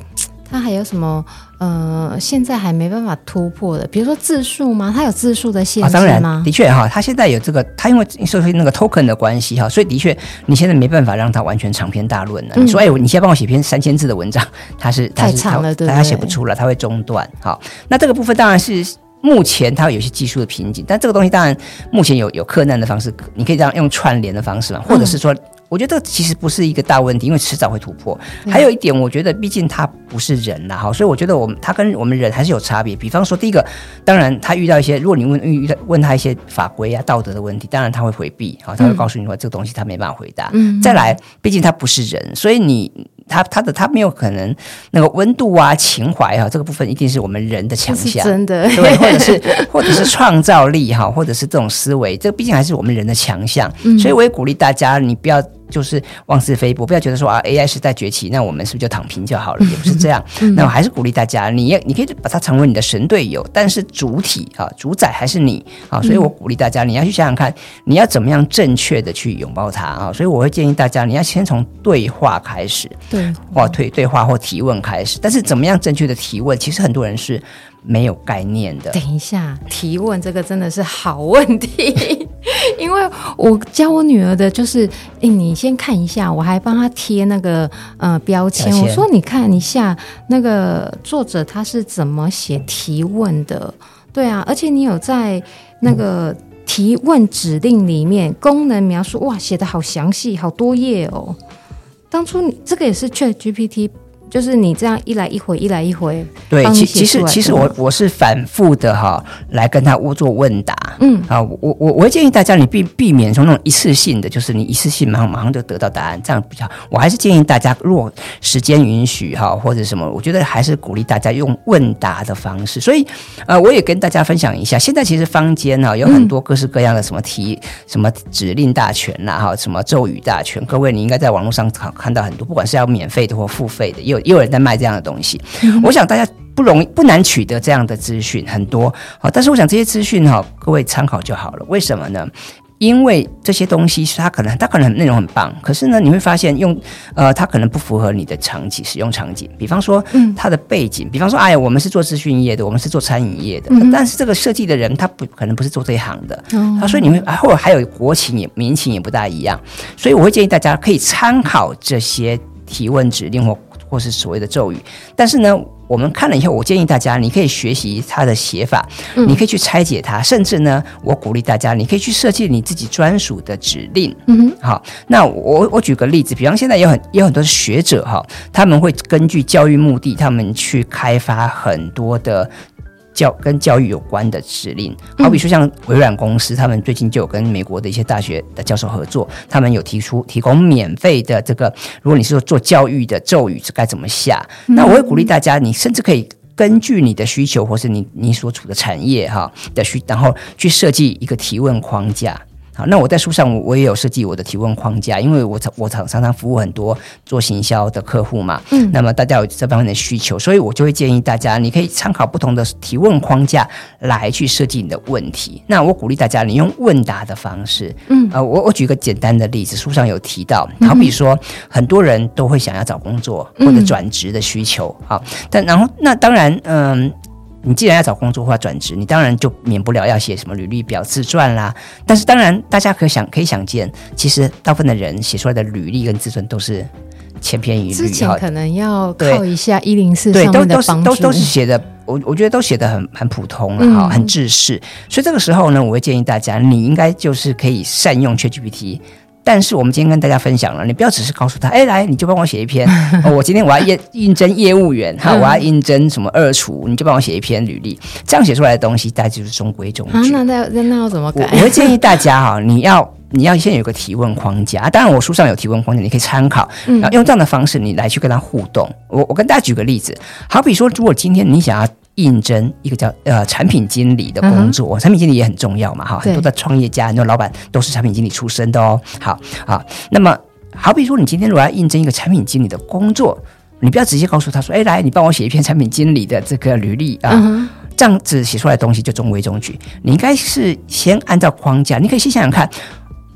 它還有什麼？呃，現在還沒辦法突破的，比如說字數嗎？它有字數的限制嗎？啊、當然，的確哈、哦，它現在有這個，它因為受那個 token 的關係哈，所以的確你現在沒辦法讓它完全長篇大論了。你、嗯、說、欸，你現在幫我寫篇三千字的文章，它是,它是太長了，它寫不出來，它會中斷。好，那這個部分當然是目前它有一些技術的瓶頸，但這個東西當然目前有有克難的方式，你可以這樣用串聯的方式嘛，或者是說。嗯我覺得這其實不是一個大問題，因為遲早會突破。還有一點，我覺得畢竟他不是人啦、啊，哈、嗯，所以我覺得我們他跟我們人還是有差別。比方說，第一個，當然他遇到一些，如果你問遇到問他一些法規啊、道德的問題，當然他會回避，哈、哦，他會告訴你說、嗯、這個東西他沒辦法回答。嗯哼。再來，畢竟他不是人，所以你他他的他沒有可能那個溫度啊、情懷啊，這個部分一定是我們人的強項，真的，對，或者是 或者是創造力哈，或者是這種思維，這畢竟還是我們人的強項。嗯哼。所以我也鼓勵大家，你不要。就是妄自菲薄，不要覺得說啊，AI 時代崛起，那我們是不是就躺平就好了？嗯、也不是這樣，那我還是鼓勵大家，你，你可以把它成為你的神隊友，但是主體啊，主宰還是你啊，所以我鼓勵大家，你要去想想看，你要怎麼樣正確的去擁抱它啊，所以我會建議大家，你要先從對話開始，對，對或對對話或提問開始，但是怎麼樣正確的提問，其實很多人是。沒有概念的。等一下，提問這個真的是好問題， 因為我教我女兒的就是，誒，你先看一下，我還幫她貼那個呃標籤，標籤。我說你看一下那個作者他是怎麼寫提問的，對啊，而且你有在那個提問指令裡面、嗯、功能描述，哇，寫得好詳細，好多頁哦。當初你這個也是 ChatGPT。就是你這樣一來一回，一來一回，對，其其實其實我我是反復的哈，來跟他屋做問答，嗯，啊，我我我會建議大家，你避避免從那種一次性的，就是你一次性馬上、馬上就得到答案，這樣比較。我還是建議大家，若時間允許哈，或者什麼，我覺得還是鼓勵大家用問答的方式。所以，呃，我也跟大家分享一下，現在其實坊間呢有很多各式各樣的什麼提什麼指令大全啦，哈，什麼咒語大全，各位你應該在網絡上看看到很多，不管是要免費的或付費的，也有。也有人在賣這樣的東西，我想大家不容易，不難取得這樣的資訊很多，好，但是我想這些資訊哈，各位參考就好了。為什麼呢？因為這些東西它可能它可能內容很棒，可是呢，你會發現用呃，它可能不符合你的場景使用場景。比方說，它的背景，比方說，哎，我們是做資訊業的，我們是做餐飲業的，呃，但是這個設計的人他不可能不是做這一行的，啊，所以你會或者還有國情也民情也不大一樣，所以我會建議大家可以參考這些提問指令或。或是所謂的咒語，但是呢，我們看了以後，我建議大家，你可以學習它的寫法，嗯、你可以去拆解它，甚至呢，我鼓勵大家，你可以去設計你自己專屬的指令。嗯哼，好，那我我舉個例子，比方現在有很有很多學者哈，他們會根據教育目的，他們去開發很多的。教跟教育有關的指令，好比說像微軟公司，他們最近就有跟美國的一些大學的教授合作，他們有提出提供免費的這個，如果你是說做教育的咒語，該怎麼下？那我會鼓勵大家，你甚至可以根據你的需求，或是你你所處的產業哈的需，然後去設計一個提問框架。好，那我在書上我我也有設計我的提問框架，因為我常我常常常服務很多做行銷的客戶嘛，嗯，那麼大家有這方面的需求，所以我就會建議大家，你可以參考不同的提問框架來去設計你的問題。那我鼓勵大家，你用問答的方式，嗯，呃，我我舉一個簡單的例子，書上有提到，好，嗯，比說很多人都會想要找工作或者轉職的需求，嗯，好，但然後那當然，嗯，呃。你既然要找工作或轉職，你當然就免不了要寫什麼履歷表、自傳啦。但是當然，大家可想可以想見，其實大部分的人寫出來的履歷跟自傳都是千篇一律。之前可能要靠一下一零四上面的幫助，對，都都都都是寫的，我我覺得都寫的很很普通了哈、嗯，很製式。所以這個時候呢，我會建議大家，你應該就是可以善用 ChatGPT。但是我們今天跟大家分享了，你不要只是告訴他，哎，來你就幫我寫一篇。 哦、我今天我要應應徵業務員哈， 我要應徵什麼二廚，你就幫我寫一篇履歷。這樣寫出來的東西，大家就是中規中矩。啊、那那那要怎麼改我？我會建議大家哈、哦，你要你要先有個提問框架、啊。當然我書上有提問框架，你可以參考。然後用這樣的方式，你來去跟他互動。嗯、我我跟大家舉個例子，好比說，如果今天你想要應徵一個叫呃產品經理的工作，嗯、哼產品經理也很重要嘛哈，很多的創業家很多對老闆都是產品經理出身的哦。好好，那麼好比說你今天如果要應徵一個產品經理的工作，你不要直接告訴他說，哎來，你幫我寫一篇產品經理的這個履歷啊，嗯、哼這樣子寫出來的東西就中規中矩。你應該是先按照框架，你可以先想想看，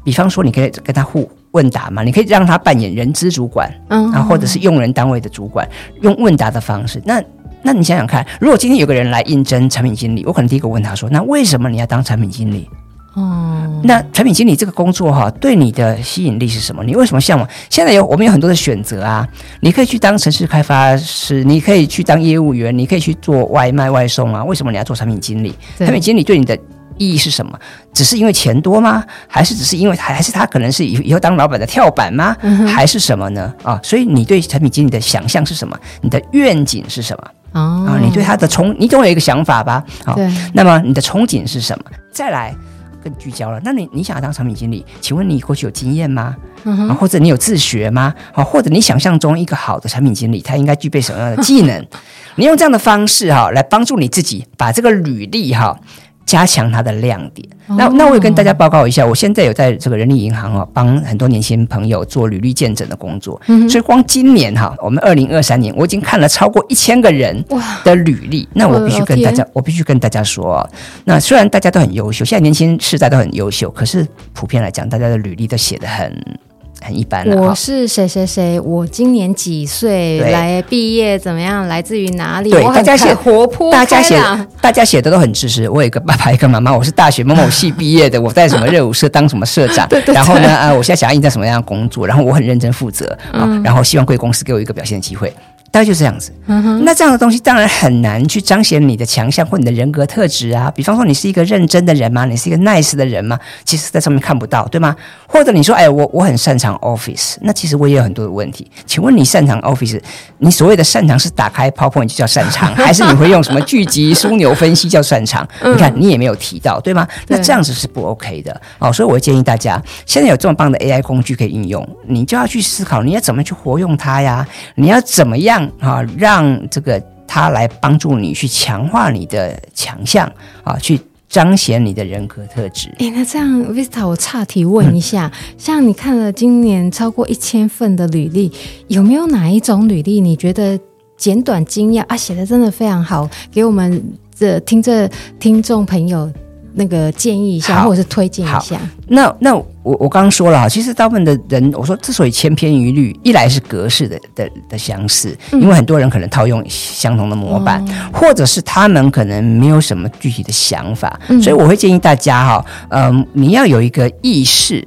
比方說你可以跟他互問答嘛，你可以讓他扮演人資主管，嗯哼，或者是用人單位的主管，用問答的方式那。那你想想看，如果今天有個人來應徵產品經理，我可能第一個問他說：“那為什麼你要當產品經理？”哦，oh. 那產品經理這個工作哈，對你的吸引力是什麼？你為什麼向往？現在有我們有很多的選擇啊，你可以去當程式開發師，你可以去當業務員，你可以去做外賣外送啊。為什麼你要做產品經理？產品經理對你的意義是什麼？只是因為錢多嗎？還是只是因為還是他可能是以後當老板的跳板嗎？還是什麼呢？啊，所以你對產品經理的想象是什麼？你的願景是什麼？啊、哦，你對他的憧，你總有一個想法吧？好、哦，對那麼你的憧憬是什麼？再來更聚焦了。那你你想要當產品經理，請問你過去有經驗嗎？哦、或者你有自學嗎？好、哦，或者你想象中一個好的產品經理，他應該具備什麼樣的技能？ 你用這樣的方式哈、哦，來幫助你自己把這個履歷哈。哦加強它的亮點。那那我也跟大家報告一下，我現在有在這個人力銀行哦、啊，幫很多年輕朋友做履歷見證的工作。嗯、哼所以光今年哈、啊，我們二零二三年，我已經看了超過一千個人的履歷。哇那我必須跟大家，天我必須跟大家說，那雖然大家都很優秀，現在年輕世代都很優秀，可是普遍來講，大家的履歷都寫得很。很一般、啊、我是誰誰誰，我今年幾歲？對來畢業怎麼樣？來自於哪裡？對，大家寫活潑開朗，大家寫，大家寫的都很制式。我有一個爸爸，一個媽媽。我是大學某某系畢業的， 我在什麼熱舞社 當什麼社長。 然後呢，啊，我現在想要應徵什麼樣的工作？然後我很認真負責啊， 然後希望貴公司給我一個表現的機會。大概就是這樣子。嗯、哼那這樣的東西當然很難去彰顯你的強項或你的人格特質啊。比方說，你是一個認真的人嗎？你是一個 nice 的人嗎？其實，在上面看不到，對嗎？或者你說，哎，我我很擅長 Office，那其實我也有很多的問題。請問你擅長 Office？你所謂的擅長是打開 PowerPoint 就叫擅長， 還是你會用什麼巨集樞紐分析叫擅長？ 你看，你也沒有提到，對嗎？嗯、那這樣子是不 OK 的。哦，所以我會建議大家，現在有這麼棒的 AI 工具可以應用，你就要去思考，你要怎麼去活用它呀？你要怎麼樣？啊，讓這個他來幫助你去強化你的強項啊，去彰顯你的人格特質。誒、欸，那這樣 Vista，我岔題問一下，哼像你看了今年超過一千份的履歷，有沒有哪一種履歷你覺得簡短精要啊，寫的真的非常好，給我們這聽着聽眾朋友。那個建議一下，好或者是推薦一下。那那我我剛剛說了哈，其實大部分的人，我說之所以千篇一律，一來是格式的的的相似，因為很多人可能套用相同的模板，嗯、或者是他們可能沒有什麼具體的想法，嗯、所以我會建議大家哈，嗯、呃，你要有一個意識。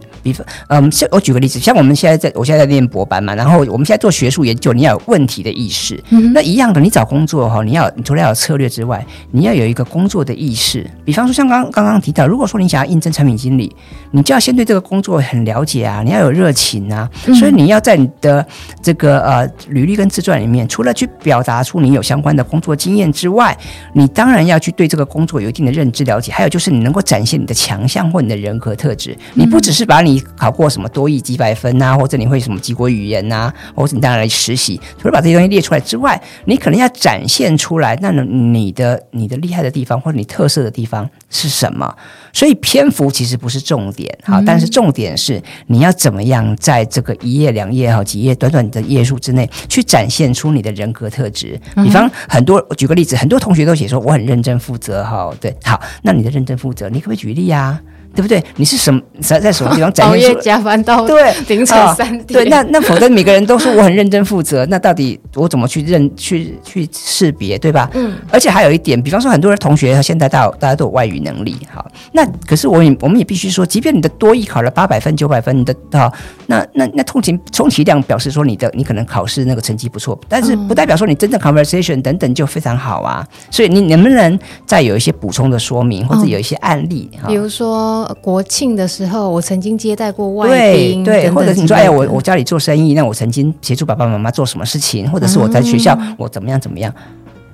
嗯，像我舉個例子，像我們現在在，我現在在念博班嘛，然後我們現在做學術研究，你要有問題的意識。嗯、那一樣的，你找工作哈，你要你除了要有策略之外，你要有一個工作的意識。比方說，像剛剛剛提到，如果說你想要應徵產品經理，你就要先對這個工作很了解啊，你要有熱情啊。嗯、所以你要在你的這個呃履歷跟自傳裡面，除了去表達出你有相關的工作經驗之外，你當然要去對這個工作有一定的認知了解，還有就是你能夠展現你的強項或你的人格特質。嗯、你不只是把你考過什麼多益幾百分吶、啊，或者你會什麼幾國語言吶、啊，或者你當然來實習，除了把這些東西列出來之外，你可能要展現出來，那你的你的厲害的地方或者你特色的地方是什麼？所以篇幅其實不是重點好，但是重點是你要怎麼樣在這個一頁兩頁哈幾頁短短的頁數之內去展現出你的人格特質。比方很多，我舉個例子，很多同學都寫說我很認真負責哈，對，好，那你的認真負責，你可不可以舉例呀、啊？對不對？你是什麼在在什麼地方熬夜加班到對凌晨三點？對，那那否則每個人都說我很認真負責， 那到底我怎麼去認去去識別，對吧？嗯。而且還有一點，比方說很多同學現在大大家都有外語能力，哈。那可是我們我們也必須說，即便你的多益考了八百分九百分，你的哈那那那通勤充其量表示說你的你可能考試那個成績不錯，但是不代表說你真的 conversation 等等就非常好啊。所以你能不能再有一些補充的說明，或者有一些案例？哦哦、比如說。國慶的時候，我曾經接待過外賓，對，的或者你說哎，我我家裡做生意，那我曾經協助爸爸媽媽做什麼事情，或者是我在學校、嗯、我怎麼樣怎麼樣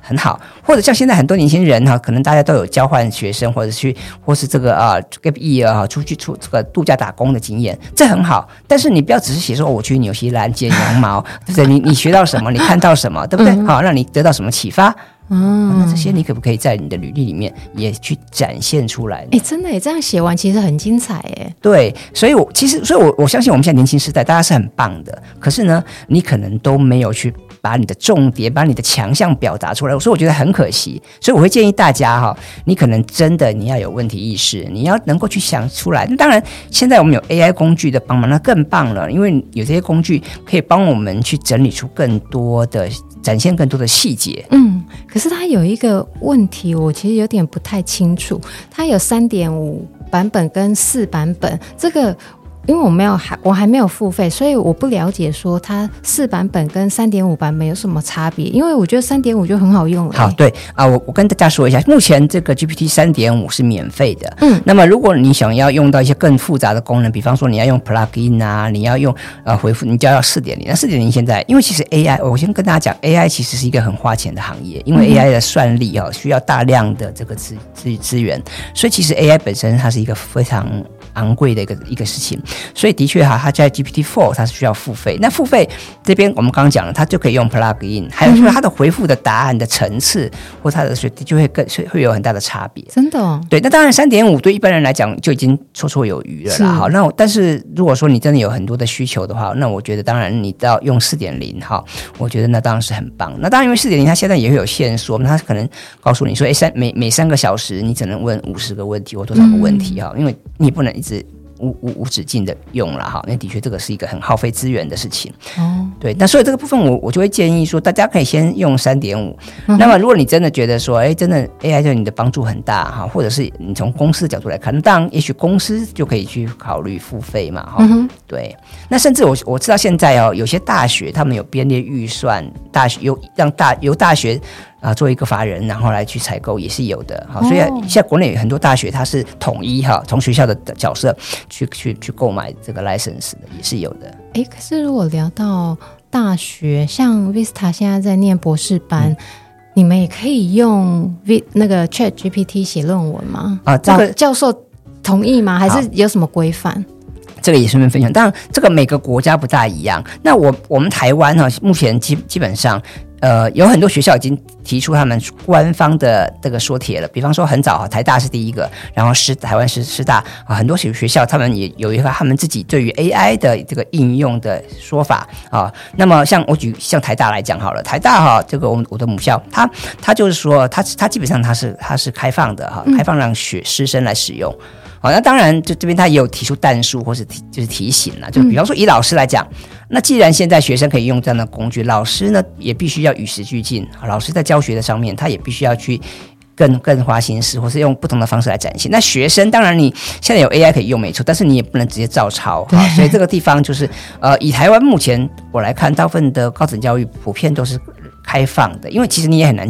很好，或者像現在很多年輕人哈，可能大家都有交換學生或者去，或是這個啊 gap year 哈出去出這個度假打工的經驗，這很好。但是你不要只是寫說我去紐西蘭剪羊毛，對不 對？你你學到什麼？你看到什麼？ 對不對？好、嗯哦，讓你得到什麼啟發？哦，那這些你可不可以在你的履歷裡面也去展現出來？哎、欸，真的、欸，這樣寫完其實很精彩、欸，哎。對，所以我，我其實，所以我我相信我們現在年輕時代大家是很棒的，可是呢，你可能都沒有去。把你的重點，把你的強項表達出來。我說我覺得很可惜，所以我會建議大家哈，你可能真的你要有問題意識，你要能夠去想出來。當然，現在我們有 AI 工具的幫忙，那更棒了，因為有這些工具可以幫我們去整理出更多的、展現更多的細節。嗯，可是它有一個問題，我其實有點不太清楚。它有三點五版本跟四版本，這個。因為我沒有還我還沒有付費，所以我不了解說它四版本跟三點五版本有什麼差別。因為我覺得三點五就很好用了欸。好，對啊，我我跟大家說一下，目前這個 GPT 三點五是免費的。嗯，那麼如果你想要用到一些更複雜的功能，比方說你要用 Plugin 啊，你要用呃回復，你就要四點零。那四點零現在，因為其實 AI，我先跟大家講，AI 其實是一個很花錢的行業，因為 AI 的算力啊，哦，嗯，需要大量的這個資資資，資，資源，所以其實 AI 本身它是一個非常，昂貴的一個一個事情，所以的確哈，它在 GPT Four 它是需要付費。那付費這邊我們剛剛講了，它就可以用 Plugin，、嗯、哼還有就是它的回復的答案的層次或它的水平就會更會有很大的差別。真的，哦。對。那當然三點五對一般人來講就已經綽綽有餘了啦。是好，那我但是如果說你真的有很多的需求的話，那我覺得當然你都要用四點零哈，我覺得那當然是很棒。那當然因為四點零它現在也會有限縮，那它可能告訴你說，誒、欸、三每每三個小時你只能問五十個問題或多少個問題哈，嗯、因為你不能。是無無無止境的用了哈，那的確這個是一個很耗費資源的事情。哦、嗯，對，那所以這個部分我我就會建議說，大家可以先用三點五。那麼如果你真的覺得說，哎、欸，真的 AI 對你的幫助很大哈，或者是你從公司的角度來看，那當然也許公司就可以去考慮付費嘛哈。嗯哼，對。那甚至我我知道現在哦、喔，有些大學他們有編列預算，大學有讓大由大學，啊，作為一個法人，然後來去採購也是有的，好，所以現在國內很多大學，它是統一哈，從、啊、學校的角色去去去購買這個 license 的也是有的、欸。可是如果聊到大學，像 Vista 現在在念博士班，嗯、你們也可以用 V 那個 ChatGPT 寫論文嗎？啊，這個、啊、教授同意嗎？還是有什麼規範？這個也順便分享，但這個每個國家不大一樣。那我我們台灣、啊、目前基基本上。呃，有很多學校已經提出他們官方的這個說帖了，比方說很早啊，哦，台大是第一個，然後師台灣師師大，啊，很多學學校他們也有一個他們自己對於 AI 的這個應用的說法啊。那麼像我舉像台大來講好了，台大哈，哦，這個我我的母校，他他就是說他他基本上他是他是開放的哈，啊，開放讓學師生來使用。嗯好，那當然，就這邊他也有提出但書或是提就是提醒了，就比方說以老師來講，那既然現在學生可以用這樣的工具，老師呢也必須要與時俱進。老師在教學的上面，他也必須要去更更花心思，或是用不同的方式來展現。那學生當然，你現在有 AI 可以用沒錯，但是你也不能直接照抄。好對。所以這個地方就是，呃，以台灣目前我來看，大部分的高等教育普遍都是開放的，因為其實你也很難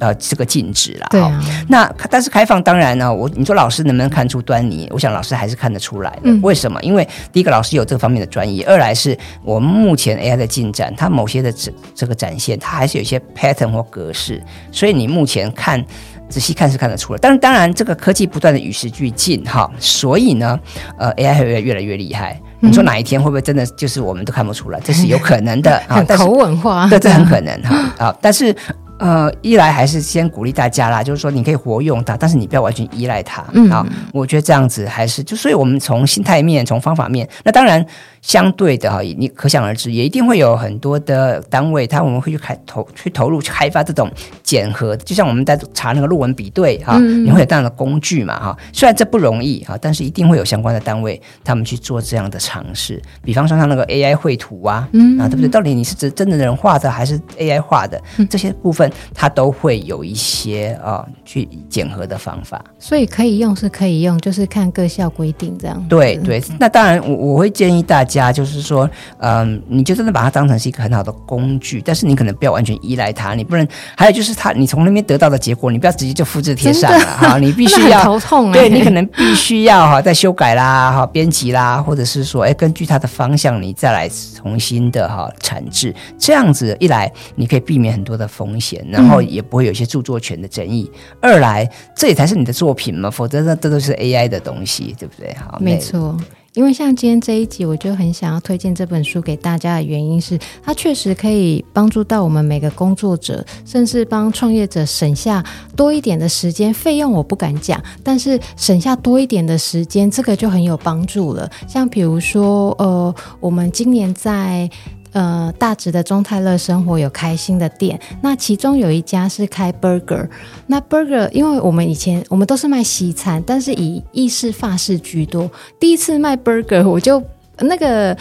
呃，這個禁止啦，好、啊哦，那但是開放當然呢，我你說老師能不能看出端倪？嗯、我想老師還是看得出來的。為什麼？因為第一個老師有這方面的專業，二來是我們目前 AI 的進展，它某些的這這個展現，它還是有一些 pattern 或格式，所以你目前看仔細看是看得出來。但是當然，這個科技不斷的與時俱進哈、哦，所以呢，呃，AI 會越來越厲害。嗯、你說哪一天會不會真的就是我們都看不出來？這是有可能的啊。唉哦、很口吻化，這這很可能哈啊、 哦，但是。呃，一來還是先鼓勵大家啦，就是說你可以活用它，但是你不要完全依賴它，嗯，嗯，啊。我覺得這樣子還是就，所以我們從心態面，從方法面，那當然。相對的哈，你可想而知，也一定會有很多的單位，他我們會去開投，去投入去開發這種檢核，就像我們在查那個論文比對哈，你會、嗯啊、有這樣的工具嘛哈、啊。雖然這不容易哈、啊，但是一定會有相關的單位他們去做這樣的嘗試，比方說像那個 AI 繪圖啊，嗯、啊對不對？到底你是真真的人畫的還是 AI 畫的，嗯、這些部分它都會有一些啊去檢核的方法。所以可以用是可以用，就是看各校規定這樣子對。對對，嗯、那當然我我會建議大家。家就是說，嗯，你就真的把它當成是一個很好的工具，但是你可能不要完全依賴它，你不能。還有就是它，它你從那邊得到的結果，你不要直接就複製貼上了，哈，你必須要頭痛啊、欸，對你可能必須要哈再修改啦，哈編輯啦，或者是說，哎、欸、根據它的方向你再來重新的哈產制，這樣子一來你可以避免很多的風險，然後也不會有一些著作權的爭議。嗯、二來這也才是你的作品嘛，否則那這都是 AI 的東西，對不對？哈，沒錯。因為像今天這一集，我就很想要推薦這本書給大家的原因是，它確實可以幫助到我們每個工作者，甚至幫創業者省下多一點的時間。費用我不敢講，但是省下多一點的時間，這個就很有幫助了。像比如說，呃，我們今年在。呃，大直的忠泰樂生活有開新的店，那其中有一家是開 burger，那 burger，因為我們以前我們都是賣西餐，但是以意式法式居多，第一次賣 burger，我就那個。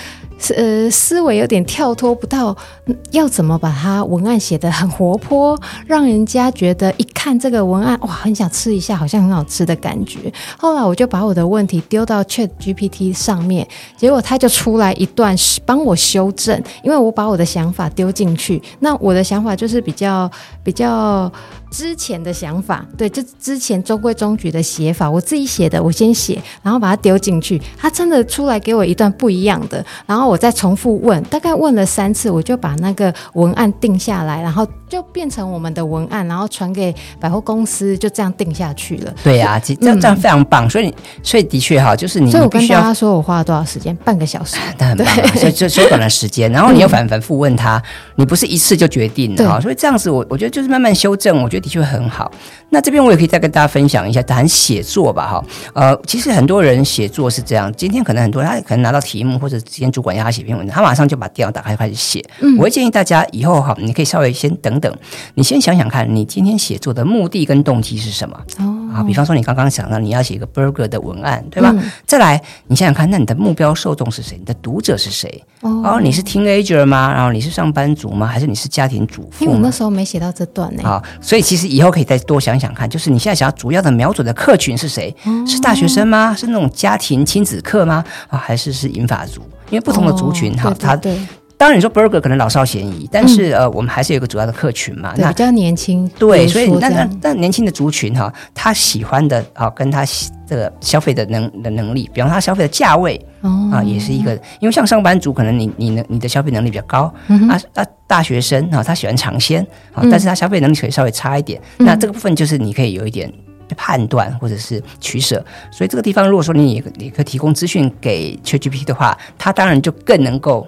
呃，思維有點跳脫不到，嗯，要怎麼把它文案寫得很活潑，讓人家覺得一看這個文案哇，很想吃一下，好像很好吃的感覺。後來我就把我的問題丟到 ChatGPT 上面，結果他就出來一段幫我修正，因為我把我的想法丟進去。那我的想法就是比較比較之前的想法，對，就之前中規中矩的寫法，我自己寫的，我先寫，然後把它丟進去，他真的出來給我一段不一樣的，然後我。我再重複問，大概問了三次，我就把那個文案定下來，然後。就變成我們的文案，然後傳給百貨公司，就這樣定下去了。對呀、啊，這這樣非常棒，嗯、所以所以的確哈，就是你。所以我跟大家說，我花了多少時間，半個小時。但很棒、啊，對所以就縮短了時間。然後你又反反復問他，嗯、你不是一次就決定的哈對、哦，所以這樣子我我覺得就是慢慢修正，我覺得的確很好。那這邊我也可以再跟大家分享一下談寫作吧，哈，呃，其實很多人寫作是這樣，今天可能很多人他可能拿到題目或者今天主管要他寫篇文章，他馬上就把電腦打開開始寫。嗯、我會建議大家以後哈，你可以稍微先等，等。等，等，你先想想看，你今天寫作的目的跟動機是什麼？哦，啊，比方說你剛剛想到你要寫一個 burger 的文案，對吧？嗯、再來，你想想看，那你的目標受眾是誰？你的讀者是誰？Oh. 哦，你是 teenager 嗎？然後你是上班族嗎？還是你是家庭主婦？因為我那時候沒寫到這段呢，好，所以其實以後可以再多想想看，就是你現在想要主要的瞄準的客群是誰？Oh. 是大學生嗎？是那種家庭親子課嗎？啊、哦，還是是銀髮族？因為不同的族群，哈、oh.，他對，對，對。當然，你說 Burger 可能老少咸宜，但是、嗯、呃，我們還是有一個主要的客群嘛。那比較年輕。對，所以那那那年輕的族群哈、啊，他喜歡的哈、啊，跟他的消費的能的能力，比方他消費的價位、哦、啊，也是一個。因為像上班族，可能你你能你的消費能力比較高。嗯啊哼啊！大學生啊，他喜歡嘗鮮，啊嗯、但是他消費能力可以稍微差一點。嗯、那這個部分就是你可以有一點判斷或者是取舍。嗯、所以這個地方，如果說你你可以提供資訊給 ChatGPT 的話，他當然就更能夠。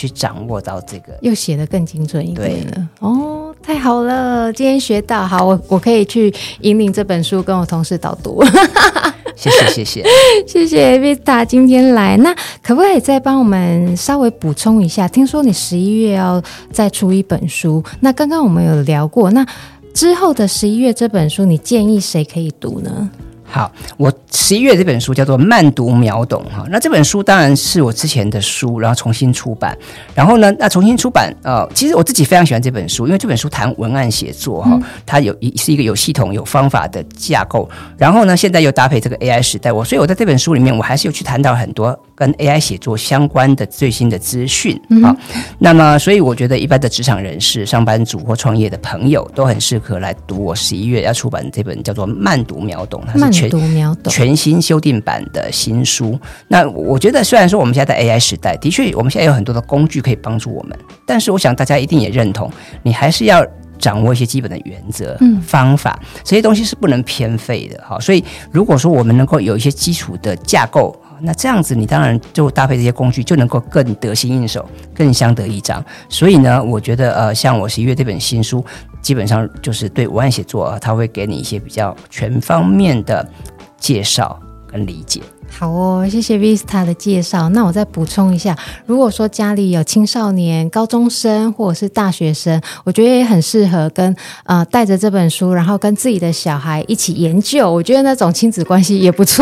去掌握到這個，又寫得更精準一點了對哦，太好了！今天學到好，我我可以去引領這本書，跟我同事導讀。 謝謝謝謝謝謝 Vista 今天來，那可不可以再幫我們稍微補充一下？聽說你十一月要再出一本書，那剛剛我們有聊過，那之後的十一月這本書，你建議誰可以讀呢？好，我十一月這本書叫做《慢讀秒懂》哈，那這本書當然是我之前的書，然後重新出版。然後呢，那重新出版呃，其實我自己非常喜歡這本書，因為這本書談文案寫作哈、哦，它有一是一個有系統、有方法的架構。然後呢，現在又搭配這個 AI 時代，我所以，我在這本書裡面，我還是有去談到很多。跟 AI 寫作相關的最新的資訊、嗯、哼好，那麼所以我覺得一般的職場人士、上班族或創業的朋友都很適合來讀我十一月要出版的這本叫做《慢讀秒懂》，它是全《慢讀秒懂》全新修訂版的新書。那我覺得，雖然說我們現在在 AI 時代，的確我們現在有很多的工具可以幫助我們，但是我想大家一定也認同，你還是要掌握一些基本的原則、嗯、方法，這些東西是不能偏廢的哈。所以，如果說我們能夠有一些基礎的架構。那這樣子，你當然就搭配這些工具，就能夠更得心應手，更相得益彰。所以呢，我覺得，呃，像我十一月這本新書，基本上就是對文案寫作啊，它會給你一些比較全方面的介紹跟理解。好哦，謝謝 Vista 的介紹。那我再補充一下，如果說家裡有青少年、高中生或者是大學生，我覺得也很適合跟呃帶着這本書，然後跟自己的小孩一起研究。我覺得那種親子關係也不錯。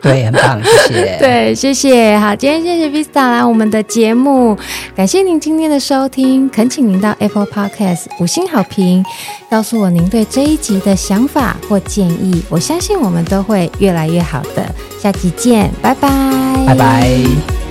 對，很棒，謝謝。 對，謝謝。好，今天謝謝 Vista 來我們的節目。感謝您今天的收聽，懇請您到 Apple Podcast 五星好評，告訴我您對這一集的想法或建議。我相信我們都會越來越好的。下期見，拜拜，拜拜。